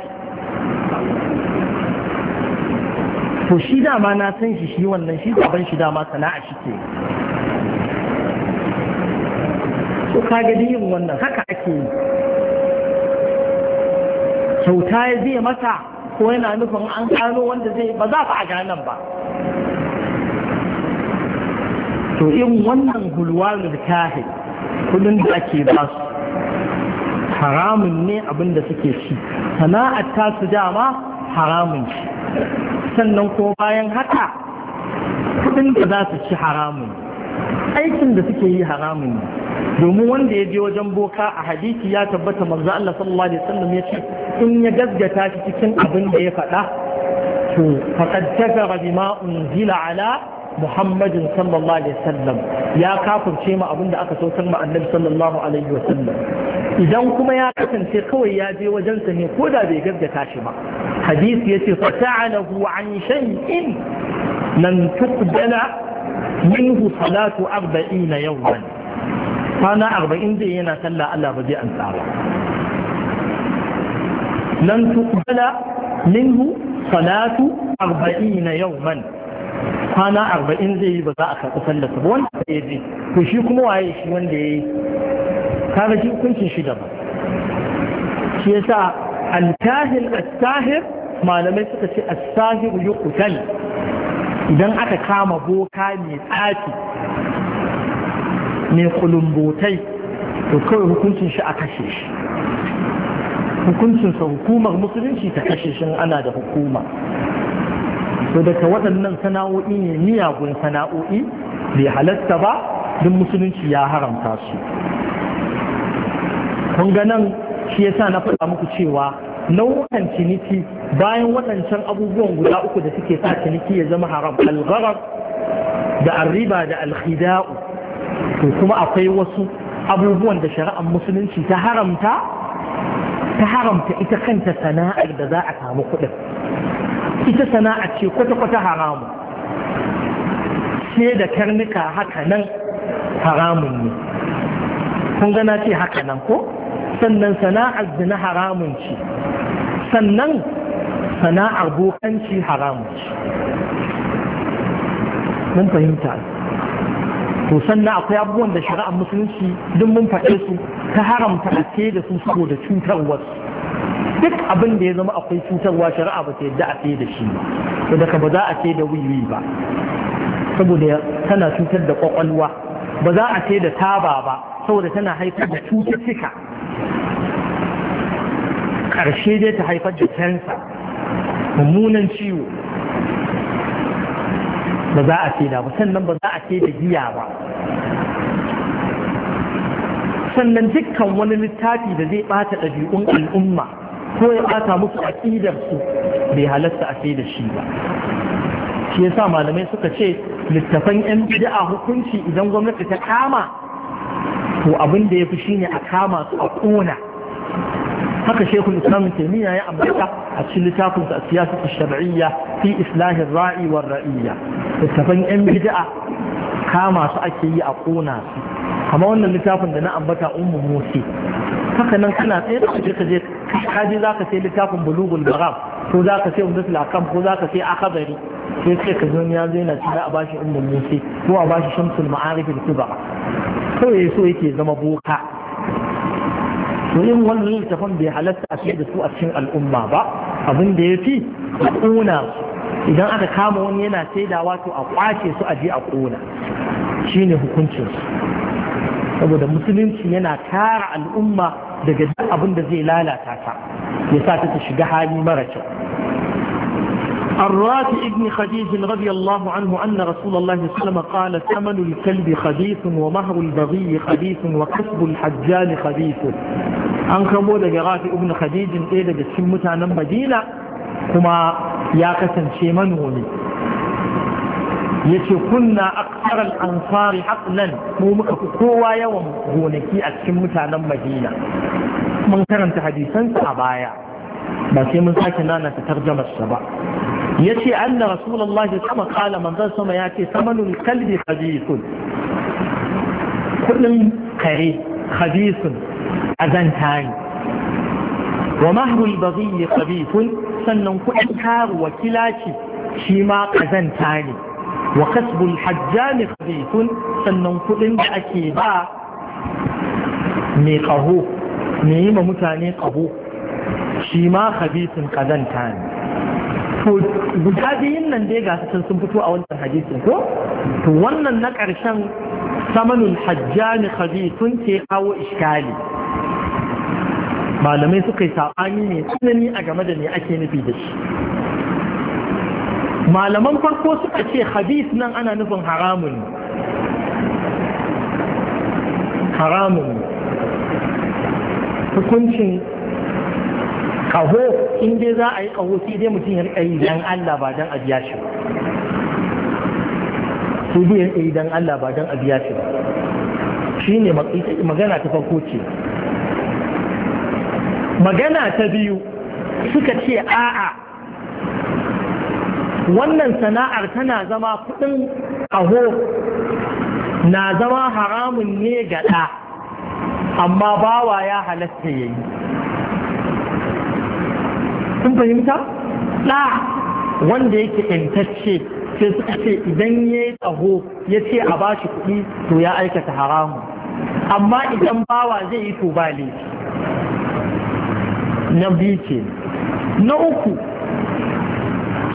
فشي داما ناسنش شي وانا شي تابن شي داما سناع شكي شكا قديم وانا هكا اكيد kyauta ya zai masa ko yana nufin an gano wanda zai ba za a ganan ba to in wannan hulwalul kahi kudin da ake ba su haramun ne abin da suke ci sana'ar ta su dama haramun ci sannan ko bayan haka kudin da za su ci haramun ne aikin da suke yi haramun ne domin wanda ya je wajen boka a hadisi ya tabbata manzo Allah sallallahu ya ce in ya gaskata shi cikin abinda ya faɗa to faqad kafara bima unzila ala muhammadin sallallahu ya kafirce ma abinda aka saukar ma annabi sallallahu idan kuma ya kasance kawai ya je wajen sa ne ko da bai gaskata shi ba hadisi yace fata'alahu an shay'in lan tuqbala minhu salatu arba'ina yawman kwana arba'in zai yana sallah Allah ba zai an tsara lan tuqbala minhu salatu arba'ina yawman kwana arba'in zai yi ba za a karɓi sallar ba wanda ya je to shi kuma waye shi wanda ya yi kaga shi hukuncin shi gaba shi yasa al-tahir al-tahir malamai suka ce as-tahir yuqtal idan aka kama boka mai tsafi mai kulumbotai to kawai hukuncin shi a kashe shi hukuncinsa hukumar musulunci ta kashe shi ana da hukuma to daga waɗannan sana'o'i ne miyagun sana'o'i bai halatta ba don musulunci ya haramta su kun ga shi yasa na faɗa muku cewa nau'ukan ciniki bayan waɗancan abubuwan guda uku da suke sa ciniki ya zama haram algharar da arriba da alkhida'u to kuma akwai wasu abubuwan da shari'ar musulunci ta haramta ta haramta ita kanta sana'ar da za a samu kuɗin ita sana'a ce kwata-kwata haramu sai da karnuka haka nan haramun ne kun gana ce haka nan ko sannan sana'ar zina haramun ce sannan sana'ar bokanci haramun ce mun fahimta to sannan akwai abubuwan da shari'ar musulunci duk mun faɗe su ta haramta a da su da cutarwar duk abin da ya zama akwai cutarwa shari'a ba ta yadda a da shi ba to daga ba za a da wiwi ba saboda tana cutar da kwakwalwa ba za a da taba ba saboda tana haifar da cututtuka ƙarshe dai ta haifar da kansa mummunan ciwo ba za a ce da ba sannan ba za a ce da giya ba sannan dukkan wani littafi da zai ɓata ɗabi'un al'umma ko ya ɓata musu aƙidarsu bai halatta a sai da shi ba shi yasa malamai suka ce littafan yan bid'a hukunci idan gwamnati ta kama to abin da ya fi shine a kama su a ƙona haka shekul islam taimiyya ya ambata a cikin littafinsa a ta shar'iyya fi islahin ra'i wa ra'iyya littafan yan bid'a kama su ake yi a kona su kama wannan littafin da na ambata ummu musi haka nan kana tsaye da kaje kaje za ka sai littafin bulugul maram ko ka sai umdatul akam ko zaka sai akabari sai sai ka zo ya zo yana ci za a bashi ummu musi ko a bashi shamsul ma'arif al-kubra kawai so yake zama boka to yin wannan littafan bai halatta a fiye da su a cikin al'umma ba abin da ya fi a ƙuna, idan aka kama wani yana saidawa to a kwace su a je a Shi ne hukuncin su saboda musulunci yana tara al'umma daga duk abin da zai lalata ta ya sa ta shiga hali mara kyau حرات ابن خديج رضي الله عنه أن رسول الله صلى الله عليه وسلم قال ثمن الكلب خديث ومهر البغي خديث وكسب الحجان خديث أن كمو لقرات ابن خديج إذا بسمتا نمدينة كما ياكسا شيمنوني yace kunna aksarar ansari haq nan mu muka fi kowa مدينة gonaki a cikin mutanen madina mun karanta تترجم a ya ce an na rasulallah ya sama kala manzan sama ya ce samanul kalbi hadisun kudin kare hadisun azanta ne wa mahrul baghi khabithun sannan kudin karuwa kilaci shi ma kazanta ne wa kasbul hajjani khabithun sannan kudin da ake ba mai kaho mai yi ma mutane kaho shi ma khabithun kazanta ne to guda biyun nan dai ga sun sun fito a wannan hadisin ko to wannan na ƙarshen samanin hajjani sun ce kawo iskali malamai suka yi sa'ani ne tsanani a game da me ake nufi da shi malaman farko suka ce hadis nan ana nufin haramun haramun hukuncin kaho in dai za a yi kaho sai dai mutum ya rika yi dan Allah ba dan a biya shi ba sai dai ya rika yi dan Allah ba dan a biya shi ba ne magana ta farko ce magana ta biyu suka ce a'a wannan sana'ar tana zama kudin aho na zama haramun ne ga ɗa amma bawa ya halatta ya yi sun fahimta da wanda yake intacce sai suka ce idan ya yi tsaho ya ce a ba shi kuɗi to ya aikata haramu amma idan bawa zai yi to ba laifi na biyu ce, na uku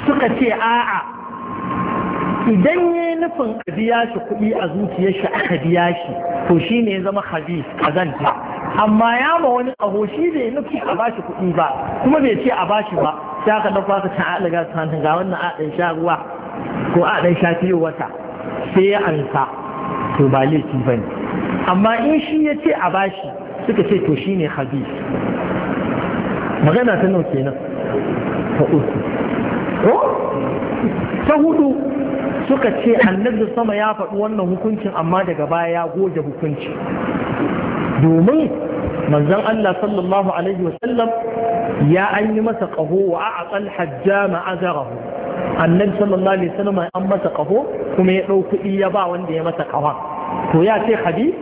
suka ce a'a idan ya yi nufin a biya shi kuɗi a zuciyar shi aka biya shi to shi ne ya zama habis kazanta amma ya ma wani aho shi bai nufi a bashi kuɗi ba kuma bai ce a bashi ba sai aka ɗauka ka ta alaga sannan ga wannan aɗan sha ruwa ko aɗan sha fiye wata sai ya ansa to ba laifi ba ne amma in shi ya ce a bashi suka ce to shi ne habis magana ta nau kenan ta uku ko ta hudu suka ce annabi sama ya faɗi wannan hukuncin amma daga baya ya goge hukunci domin manzon Allah sallallahu alaihi wasallam ya an yi masa ƙaho wa a aqal hajjama azarahu annabi sallallahu alaihi wasallam an masa ƙaho kuma ya ɗau kuɗi ya ba wanda ya masa ƙawa to ya ce hadith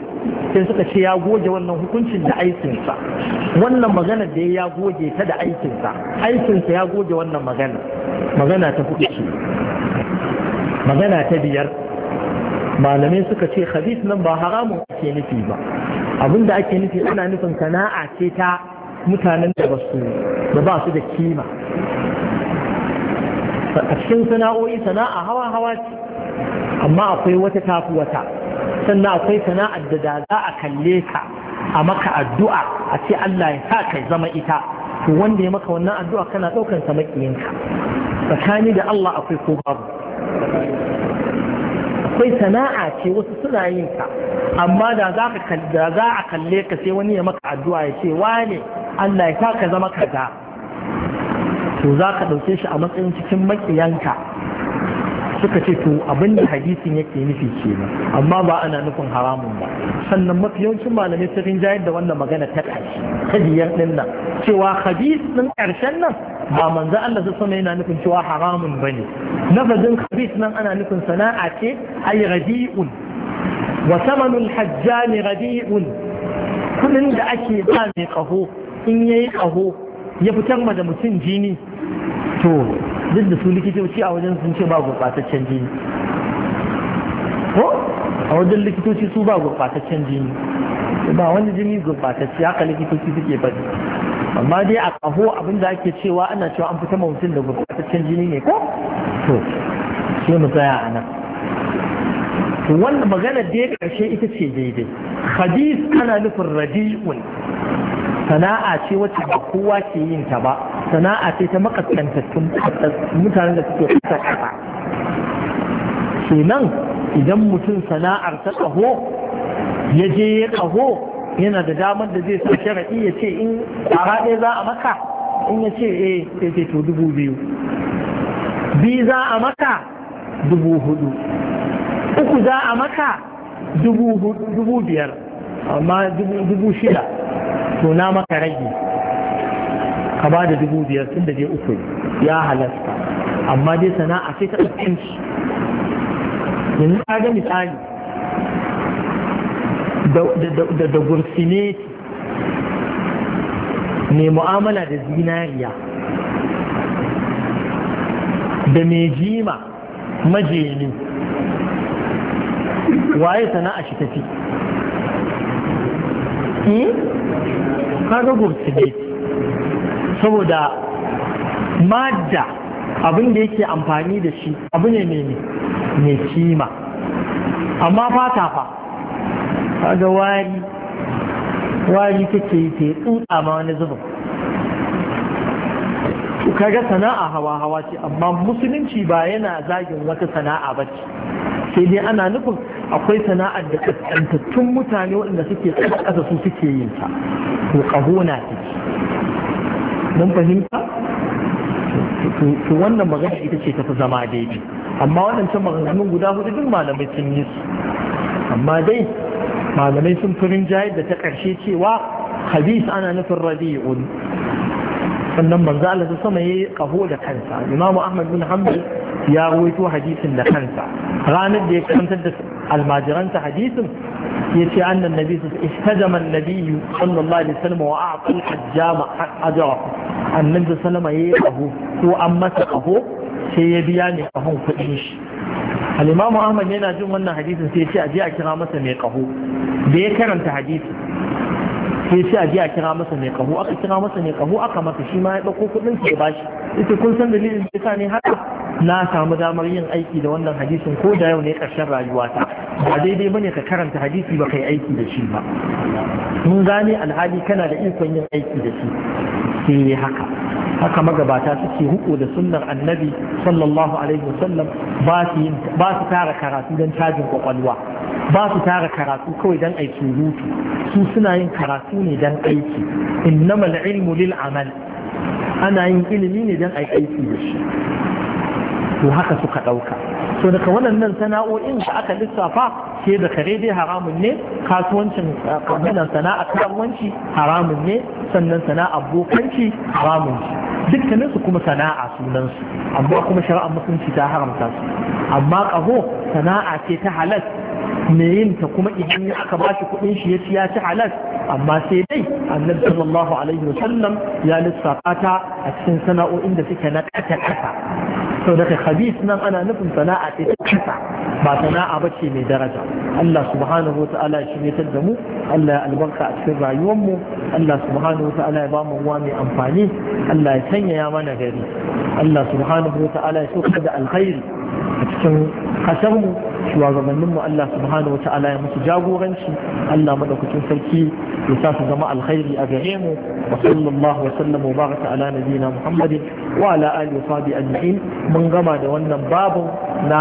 sai suka ce ya goge wannan hukuncin da aikinsa wannan magana da ya goge ta da aikinsa aikinsa ya goge wannan magana magana ta hudu ce magana ta biyar malamai suka ce hadith nan ba haramun ake nufi ba abin da ake nufi ana nufin sana'a ce ta mutanen da basu da ba su da kima a cikin sana'o'i sana'a hawa hawa ce amma akwai wata tafi wata sannan akwai sana'ar da da za a kalle ka a maka addu'a a ce Allah ya sa ka zama ita to wanda ya maka wannan addu'a kana ɗaukar sa makiyinka tsakani da Allah akwai ko babu akwai sana'a ce wasu suna yin ka amma da za a kalle ka sai wani ya maka addu'a ya ce wane Allah ya ka zama kaza to za ka ɗauke shi a matsayin cikin makiyanka suka ce to abin da hadisin yake nufi kenan amma ba ana nufin haramun ba sannan mafi yawancin malamai sun jayar da wannan magana ta ƙarshe ta biyar ɗin nan cewa hadis din ƙarshen nan ba manzo Allah su sama yana nufin cewa haramun bane lafazin hadis nan ana nufin sana'a ce ay radi'un wa thamanul hajjani radi'un kudin da ake ba mai kaho in yayi kaho ya fitar ma da mutum jini to duk da su likitoci a wajen sun ce ba gurɓataccen jini ko a wajen likitoci su ba gurɓataccen jini ba wani jini gurɓatacce haka likitoci suke faɗi amma dai a ƙaho abin da ake cewa ana cewa an fita mutum da gurɓataccen jini ne ko to sai mu tsaya a nan to wannan magana dai ƙarshe ita ce daidai hadis ana nufin radi'un sana'a ce wacce ba kowa ke yin ta ba sana'a ce ta makaskantattun mutanen da suke kasa kasa kenan idan mutum sana'ar ta ƙaho ya je ya ƙaho yana da damar da zai sa sharaɗi ya ce in a ɗaya za a maka in ya ce eh sai ce to dubu biyu biyu za a maka dubu hudu uku za a maka dubu biyar amma dubu shida to na maka rage ka ba da dubu biyar tun da dai uku ya halasta amma dai sana'a sai ta ɗaukanci yanzu ka ga misali da gursine ne mu'amala da zinariya da mai jima majini waye sana'a shi tafi hmm? kaga gursine saboda madda abin da yake amfani da shi abu ne mai kima amma fata fa kaga wari wari take yi ta yi tsutsa ma wani zubin kaga sana'a hawa hawa ce amma musulunci ba yana zagin wata sana'a ba ce sai dai ana nufin akwai sana'ar da kaskantattun mutane waɗanda suke tsakasa su suke yin ta to ta ce mun fahimta to wannan magana ita ce tafi zama daidai amma waɗancan maganganun guda hudu duk malamai sun yi su amma dai malamai sun furin jayar da ta ƙarshe cewa habis ana nufin rabi'un sannan manzo Allah ta sama yayi kaho da kansa Imam Ahmad bin Hanbal ya rawaito hadisin da kansa ranar da ya karantar da almajiransa hadisin yace annan nabi su istajama annabi sallallahu alaihi wasallam wa a'ta al-hajjama ajra annabi sallama yayi kaho ko an masa kaho sai ya biya ne kahon kuɗin shi al ahmad yana jin wannan hadisin sai ya ce a kira masa mai kaho da ya karanta hadisi sai sai a a kira masa mai kaho aka kira masa mai kaho aka masa shi ma ya dauko kudin sai ba shi ita kun san dalilin da yasa ne haka na samu damar yin aiki da wannan hadisin ko da yau ne karshen rayuwata ba daidai ne ka karanta hadisi ba kai aiki da shi ba mun gane alhali kana da ikon yin aiki da shi sai haka haka magabata suke huko da sunnar annabi sallallahu alaihi wasallam ba su tara karatu don cajin kwakwalwa ba su tara karatu kawai don aiki surutu su suna yin karatu ne don aiki innamal ilmu lil amal ana yin ilimi ne don aiki da shi to haka suka ɗauka so daga waɗannan sana'o'in da aka lissafa ke da kare dai haramun ne kasuwancin kamfanin sana'a kasuwanci haramun ne sannan sana'a bokanci haramun dukkaninsu kuma sana'a sunansu amma kuma shari'ar musulunci ta haramta su amma ƙaho sana'a ce ta halal me yin ta kuma idan aka ba shi kuɗin shi ya ci ya ci halal amma sai dai annabi sallallahu alaihi wa sallam ya lissafa ta a cikin sana'o'in da suke na ƙasa ƙasa sau daga khabis nan ana nufin sana'a ce ta ba sana'a ba ce mai daraja Allah subhanahu wa ta'ala ya shirya da mu Allah ya albarka a cikin rayuwar mu Allah subhanahu wa ta'ala ya ba mu ruwa mai amfani Allah ya sanya mana gari Allah subhanahu wa ta'ala ya so da alkhairi a cikin kasarmu shugabanninmu Allah subhanahu wata'ala ya musu jagoranci Allah madaukakin sarki ya sa su zama alkhairi a gare mu wa sallallahu wa sallam wa baraka ala nabiyina Muhammadin wa ala alihi wa sahbihi ajma'in mun gama da wannan babu na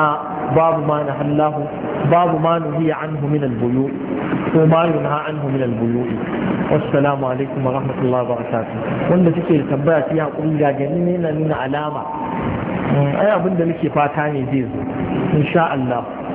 babu ma na hallahu babu ma nuhiya anhu min al-buyu ko ma yunha anhu min al-buyu wassalamu alaikum wa rahmatullahi wa barakatuh wanda suke tambaya su ya hakuri ga ganin ne na nuna alama Eh, ai abin da nake fata ne zai zo insha Allah